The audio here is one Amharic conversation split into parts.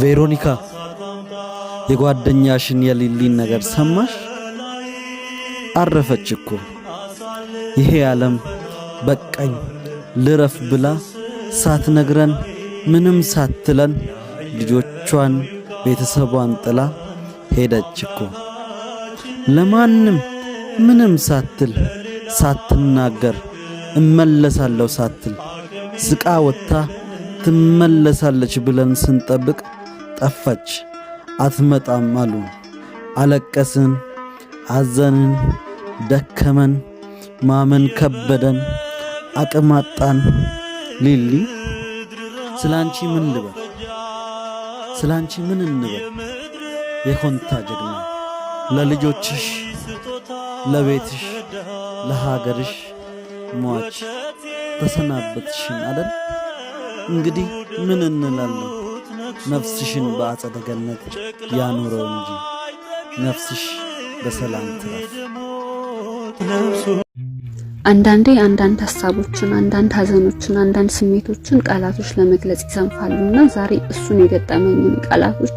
ቬሮኒካ የጓደኛሽን የሊሊን ነገር ሰማሽ? አረፈች እኮ ይሄ ዓለም በቃኝ ልረፍ ብላ ሳትነግረን ምንም ሳትለን ልጆቿን ቤተሰቧን ጥላ ሄደች እኮ ለማንም ምንም ሳትል ሳትናገር እመለሳለሁ ሳትል ስቃ ወጥታ ትመለሳለች ብለን ስንጠብቅ ጠፋች፣ አትመጣም አሉ። አለቀስን፣ አዘንን፣ ደከመን፣ ማመን ከበደን፣ አቅማጣን ሊሊ ስላንቺ ምን ልበል? ስላንቺ ምን እንበል? የኮንታ ጀግና ለልጆችሽ፣ ለቤትሽ፣ ለሀገርሽ ሟች ተሰናበትሽን አደል? እንግዲህ ምን እንላለን? ነፍስሽን በአጸደ ገነት ያኑረው እንጂ ነፍስሽ በሰላም ትረፍ። አንዳንዴ አንዳንድ ሀሳቦችን፣ አንዳንድ ሀዘኖችን፣ አንዳንድ ስሜቶችን ቃላቶች ለመግለጽ እና ዛሬ እሱን የገጠመኝን ቃላቶች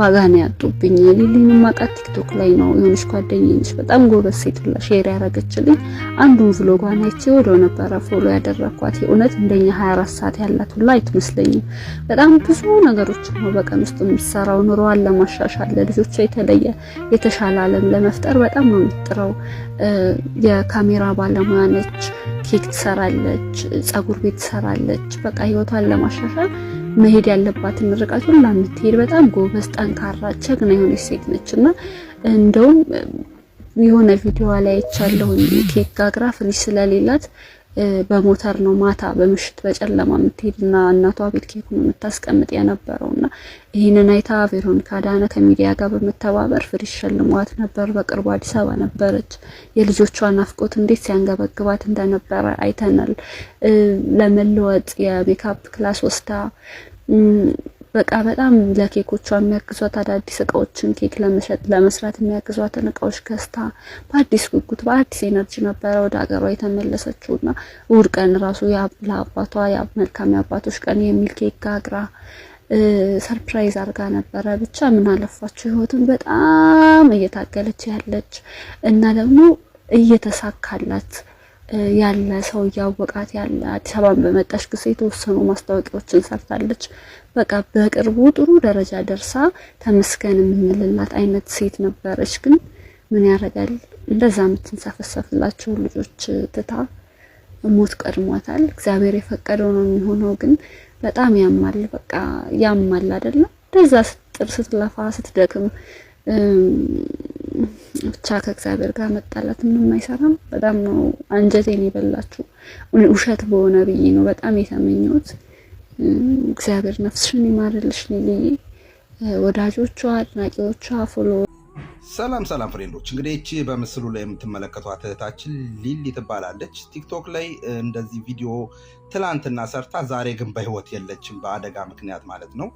ዋጋ ነው ያጡብኝ። ሊሊን ማጣት ቲክቶክ ላይ ነው የሆነች ጓደኛዬ በጣም ጎበዝ ሴት ብላ ሼር ያረገችልኝ አንዱን ቭሎጓን አይቼ ወደው ነበረ ፎሎ ያደረኳት። የእውነት እንደኛ 24 ሰዓት ያላት ሁላ አይትመስለኝም። በጣም ብዙ ነገሮች ነው በቀን ውስጥ የምትሰራው። ኑሮዋን ለማሻሻል ለልጆቿ የተለየ የተሻለ አለም ለመፍጠር በጣም ነው የምትጥረው። የካሜራ ባለሙያ ነች፣ ኬክ ትሰራለች፣ ጸጉር ቤት ትሰራለች። በቃ ህይወቷን ለማሻሻል መሄድ ያለባትን ርቀት ሁሉ የምትሄድ በጣም ጎበዝ፣ ጠንካራ፣ ጀግና የሆነች ሴት ነች እና እንደውም የሆነ ቪዲዮዋ ላይ አይቻለሁ ኬክ ጋግራ ፍሪጅ ስለሌላት በሞተር ነው ማታ በምሽት በጨለማ የምትሄድና እናቷ ቤት ኬኩን የምታስቀምጥ የነበረው እና ይህንን አይታ ቬሮኒካ ዳነ ከሚዲያ ጋር በመተባበር ፍሪሽ ሸልሟት ነበር። በቅርቡ አዲስ አበባ ነበረች። የልጆቿ ናፍቆት እንዴት ሲያንገበግባት እንደነበረ አይተናል። ለመለወጥ የሜካፕ ክላስ ወስዳ በቃ በጣም ለኬኮቿ የሚያግዟት አዳዲስ እቃዎችን ኬክ ለመሸጥ ለመስራት የሚያግዟትን እቃዎች ገዝታ በአዲስ ጉጉት በአዲስ ኤነርጂ ነበረ ወደ ሀገሯ የተመለሰችው እና እሑድ ቀን ራሱ ለአባቷ መልካም የአባቶች ቀን የሚል ኬክ ጋግራ ሰርፕራይዝ አድርጋ ነበረ። ብቻ ምን አለፋችሁ ህይወትን በጣም እየታገለች ያለች እና ደግሞ እየተሳካላት ያለ ሰው እያወቃት ያለ አዲስ አበባን በመጣች ጊዜ የተወሰኑ ማስታወቂያዎችን ሰርታለች። በቃ በቅርቡ ጥሩ ደረጃ ደርሳ ተመስገን የምንልላት አይነት ሴት ነበረች። ግን ምን ያደርጋል እንደዛ የምትንሰፈሰፍላቸው ልጆች ትታ ሞት ቀድሟታል። እግዚአብሔር የፈቀደው ነው የሚሆነው። ግን በጣም ያማል፣ በቃ ያማል አይደለም እንደዛ ስትጥር ስትለፋ ስትደክም ብቻ ከእግዚአብሔር ጋር መጣላት ምንም አይሰራም። በጣም ነው አንጀቴን የበላችሁ። ውሸት በሆነ ብዬ ነው በጣም የተመኘሁት። እግዚአብሔር ነፍስሽን ይማርልሽ ልዬ ወዳጆቿ፣ አድናቂዎቿ፣ ፎሎ ሰላም ሰላም ፍሬንዶች፣ እንግዲህ ይቺ በምስሉ ላይ የምትመለከቷት እህታችን ሊሊ ትባላለች። ቲክቶክ ላይ እንደዚህ ቪዲዮ ትላንትና ሰርታ ዛሬ ግን በህይወት የለችም፣ በአደጋ ምክንያት ማለት ነው።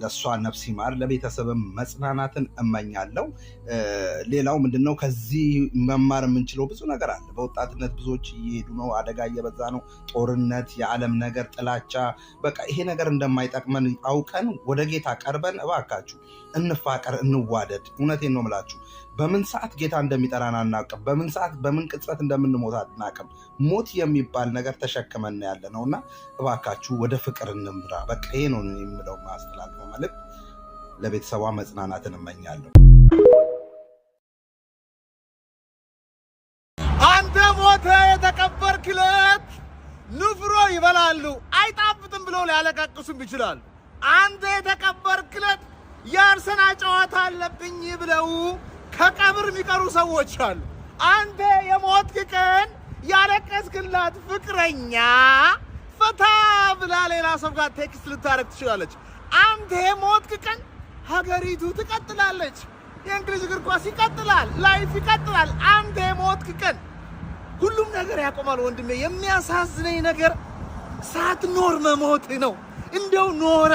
ለእሷ ነፍስ ይማር፣ ለቤተሰብም መጽናናትን እመኛለሁ። ሌላው ምንድነው ከዚህ መማር የምንችለው ብዙ ነገር አለ። በወጣትነት ብዙዎች እየሄዱ ነው፣ አደጋ እየበዛ ነው። ጦርነት፣ የዓለም ነገር፣ ጥላቻ፣ በቃ ይሄ ነገር እንደማይጠቅመን አውቀን ወደ ጌታ ቀርበን እባካችሁ እንፋቀር፣ እንዋደድ። እውነቴን ነው ምላችሁ። በምን ሰዓት ጌታ እንደሚጠራን አናውቅም። በምን ሰዓት በምን ቅጽበት እንደምንሞት አናውቅም። ሞት የሚባል ነገር ተሸክመን ያለ ነው እና እባካችሁ ወደ ፍቅር እንምራ። በቃ ይሄ ነው የምለው ማስተላለፍ ማለት። ለቤተሰቧ መጽናናትን እመኛለሁ። አንተ ሞተ የተቀበርክ ዕለት ንፍሮ ይበላሉ አይጣፍጥም ብለው ሊያለቃቅሱም ይችላል። አንተ የተቀበርክ ዕለት ያርሰና ጨዋታ አለብኝ ብለው ከቀብር የሚቀሩ ሰዎች አሉ። አንተ የሞትክ ቀን ያለቀስክላት ፍቅረኛ ፈታ ብላ ሌላ ሰው ጋር ቴክስት ልታደረግ ትችላለች። አንተ የሞትክ ቀን ሀገሪቱ ትቀጥላለች። የእንግሊዝ እግር ኳስ ይቀጥላል። ላይፍ ይቀጥላል። አንተ የሞትክ ቀን ሁሉም ነገር ያቆማል። ወንድሜ የሚያሳዝነኝ ነገር ሳትኖር መሞት ነው። እንደው ኖረ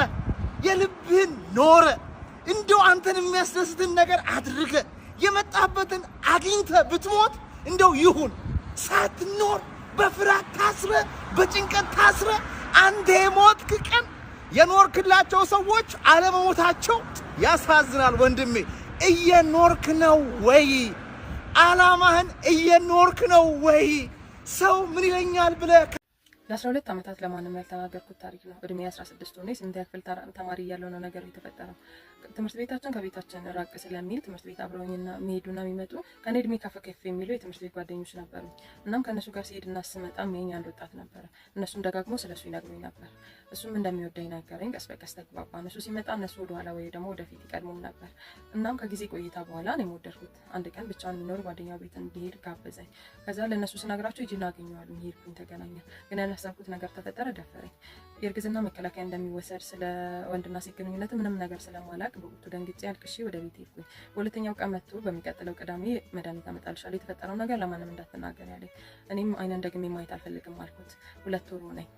የልብህን ኖረ እንደው አንተን የሚያስደስትን ነገር አድርገ የመጣበትን አግኝተ ብትሞት እንደው ይሁን። ሳትኖር በፍርሃት ታስረ፣ በጭንቀት ታስረ አንተ የሞትክ ቀን የኖርክላቸው ሰዎች አለመሞታቸው ያሳዝናል ወንድሜ። እየኖርክ ነው ወይ? አላማህን እየኖርክ ነው ወይ? ሰው ምን ይለኛል ብለ ለአስራ ሁለት ዓመታት ለማንም ያልተናገርኩት ታሪክ ነው። እድሜ አስራ ስድስት ሆኜ ስምንተኛ ክፍል ተማሪ እያለሁ ነው ነገሩ የተፈጠረው። ትምህርት ቤታችን ከቤታችን ራቅ ስለሚል ትምህርት ቤት አብረውኝ የሚሄዱና የሚመጡ ከኔ እድሜ ከፍ ከፍ የሚሉ የትምህርት ቤት ጓደኞች ነበሩ። እናም ከእነሱ ጋር ሲሄድና ስመጣ የሚያኝ አንድ ወጣት ነበረ። እነሱም ደጋግሞ ስለሱ ይነግሩኝ ነበር። እሱም እንደሚወደኝ ነገረኝ። ቀስ በቀስ ተግባባ። እነሱ ሲመጣ እነሱ ወደኋላ ወይ ደግሞ ወደፊት ይቀድሙም ነበር። እናም ከጊዜ ቆይታ በኋላ ነው የምወደድኩት። አንድ ቀን ብቻ የሚኖር ጓደኛው ቤት እንዲሄድ ጋበዘኝ። ከዛ ለእነሱ ስነግራቸው ይጅና አገኘዋለሁ ሄድኩኝ። ተገናኘ ግን ያሰብኩት ነገር ተፈጠረ፣ ደፈረኝ። የእርግዝና መከላከያ እንደሚወሰድ ስለ ወንድና ሴት ግንኙነት ምንም ነገር ስለማላቅ በወቅቱ ደንግጬ አልቅሼ ወደ ቤት ሄድኩኝ። በሁለተኛው ቀን መጥቶ በሚቀጥለው ቅዳሜ መድኃኒት አመጣልሻለሁ፣ የተፈጠረው ነገር ለማንም እንዳትናገር ያለኝ። እኔም አይነን ደግሜ ማየት አልፈልግም አልኩት። ሁለት ወር ሆነኝ።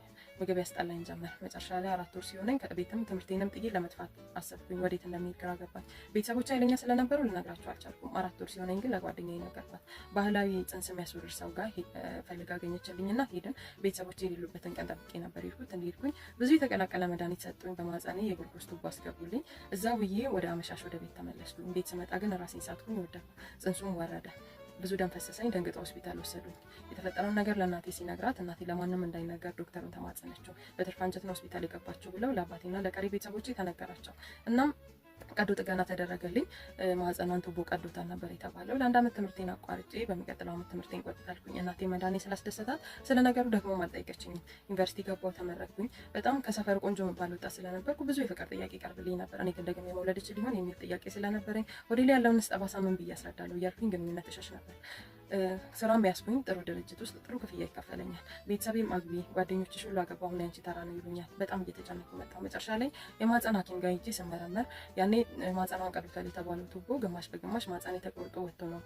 ምግብ ያስጠላኝ ጀመር። መጨረሻ ላይ አራት ወር ሲሆነኝ ከቤትም ትምህርቴንም ጥዬ ለመጥፋት አሰብኩኝ። ወዴት እንደሚሄድ ግራ ገባኝ። ቤተሰቦች ኃይለኛ ስለነበሩ ልነግራቸው አልቻልኩም። አራት ወር ሲሆነኝ ግን ለጓደኛ ነገርኳት። ባህላዊ ጽንስ የሚያስወርድ ሰው ጋር ፈልጋ እና ሄድን። ቤተሰቦች የሌሉበትን ቀን ጠብቄ ነበር ይልኩት። እንደሄድኩኝ ብዙ የተቀላቀለ መድኃኒት ሰጡኝ። በማህፀኔ የግሉኮስ ቱቦ አስገቡልኝ። እዛ ውዬ ወደ አመሻሽ ወደ ቤት ተመለስኩኝ። ቤት ስመጣ ግን ራሴን ሳትኩኝ ወደኩ። ጽንሱም ወረደ። ብዙ ደም ፈሰሰኝ። ደንግጦ ሆስፒታል ወሰዱኝ። የተፈጠረውን ነገር ለእናቴ ሲነግራት እናቴ ለማንም እንዳይነገር ዶክተሩን ተማጸነችው። በትርፍ አንጀት ነው ሆስፒታል የገባቸው ብለው ለአባቴና ለቀሪ ቤተሰቦች ተነገራቸው። እናም ቀዶ ጥገና ተደረገልኝ። ማህፀኗን ቱቦ ቀዶታል ነበር የተባለው። ለአንድ አመት ትምህርቴን አቋርጬ በሚቀጥለው አመት ትምህርቴን ቆጥታልኩኝ። እናቴ መዳኔ ስላስደሰታት ስለ ነገሩ ደግሞ አልጠየቀችኝም። ዩኒቨርሲቲ ገባሁ፣ ተመረቅኩኝ። በጣም ከሰፈር ቆንጆ የምባል ወጣት ስለነበርኩ ብዙ የፍቅር ጥያቄ ቀርብልኝ ነበር። እኔ ተደግሜ መውለድ እችል ይሆን የሚል ጥያቄ ስለነበረኝ ወደ ላይ ያለውን ስጠባሳ ምን ብዬ አስረዳለሁ እያልኩኝ ግንኙነት እሸሽ ነበር። ስራ የሚያስቡኝ ጥሩ ድርጅት ውስጥ ጥሩ ክፍያ ይከፈለኛል። ቤተሰቤም አግቢ፣ ጓደኞችሽ ሁሉ አገባ፣ አሁን ያንቺ ተራ ነው ይሉኛል። በጣም እየተጨነኩ መጣ። መጨረሻ ላይ የማህፀን ሐኪም ጋር ስመረመር ያኔ ማህፀኗን ቀዱታል የተባለው ቱቦ ግማሽ በግማሽ ማህፀን ተቆርጦ ወጥቶ ነው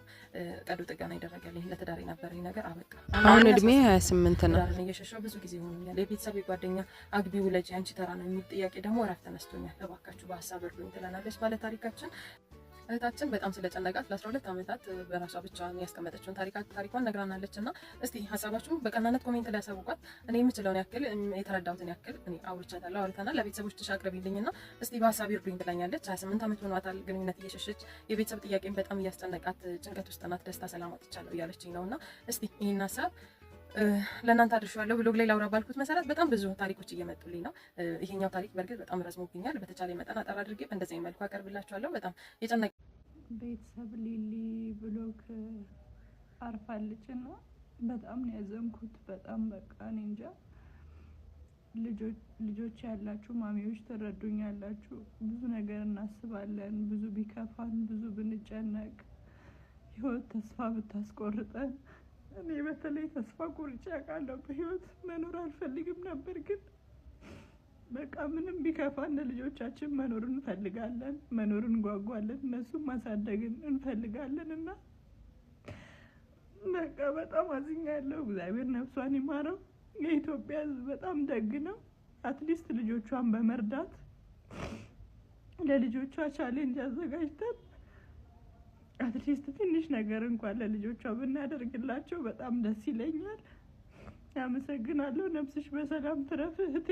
ቀዶ ጥገና ይደረገልኝ። ለትዳር የነበረኝ ነገር አበቃ። አሁን እድሜ ሀያ ስምንት ነው። እየሸሸው ብዙ ጊዜ ሆኖኛል። የቤተሰብ ጓደኛ አግቢ፣ ውለጅ፣ ያንቺ ተራ ነው የሚል ጥያቄ ደግሞ እረፍት ተነስቶኛል። እባካችሁ በሀሳብ እርዱኝ ትለናለች ባለታሪካችን። እህታችን በጣም ስለጨነቃት ለ12 ዓመታት በራሷ ብቻ ያስቀመጠችውን ታሪኳን ነግራናለች እና እስቲ ሀሳባችሁ በቀናነት ኮሜንት ላይ ያሳውቋት። እኔ የምችለውን ያክል የተረዳሁትን ያክል እኔ አውርቻታለሁ፣ አውርተናል። ለቤተሰቦች ተሻቅረብልኝ ና እስቲ በሀሳብ ይርዱኝ ብላኛለች። 28 ዓመት ሆኗታል ግንኙነት እየሸሸች የቤተሰብ ጥያቄን በጣም እያስጨነቃት ጭንቀት ውስጥ ናት። ደስታ ሰላም አጥቻለሁ እያለችኝ ነው እና እስቲ ይህን ሀሳብ ለእናንተ አድርሼዋለሁ ብሎግ ላይ ላውራ ባልኩት መሰረት በጣም ብዙ ታሪኮች እየመጡልኝ ነው። ይሄኛው ታሪክ በእርግጥ በጣም ረዝሞብኛል። በተቻለ መጠን አጠር አድርጌ በእንደዚህ መልኩ አቀርብላችኋለሁ። በጣም የጨነቀ ቤተሰብ ሊሊ ብሎግ አርፋለች እና በጣም ነው ያዘንኩት። በጣም በቃ እኔ እንጃ። ልጆች ያላችሁ ማሚዎች ያላችሁ ብዙ ነገር እናስባለን። ብዙ ቢከፋን፣ ብዙ ብንጨነቅ፣ ህይወት ተስፋ ብታስቆርጠን እኔ በተለይ ተስፋ ቆርጬ አውቃለሁ። በህይወት መኖር አልፈልግም ነበር፣ ግን በቃ ምንም ቢከፋን ልጆቻችን መኖር እንፈልጋለን፣ መኖር እንጓጓለን፣ እነሱም ማሳደግን እንፈልጋለን እና በቃ በጣም አዝኛለሁ። እግዚአብሔር ነፍሷን ይማረው። የኢትዮጵያ ህዝብ በጣም ደግ ነው። አትሊስት ልጆቿን በመርዳት ለልጆቿ ቻሌንጅ አዘጋጅተን አትሊስት ትንሽ ነገር እንኳን ለልጆቿ ብናደርግላቸው በጣም ደስ ይለኛል። ያመሰግናለሁ። ነፍስሽ በሰላም ትረፍ እህቴ።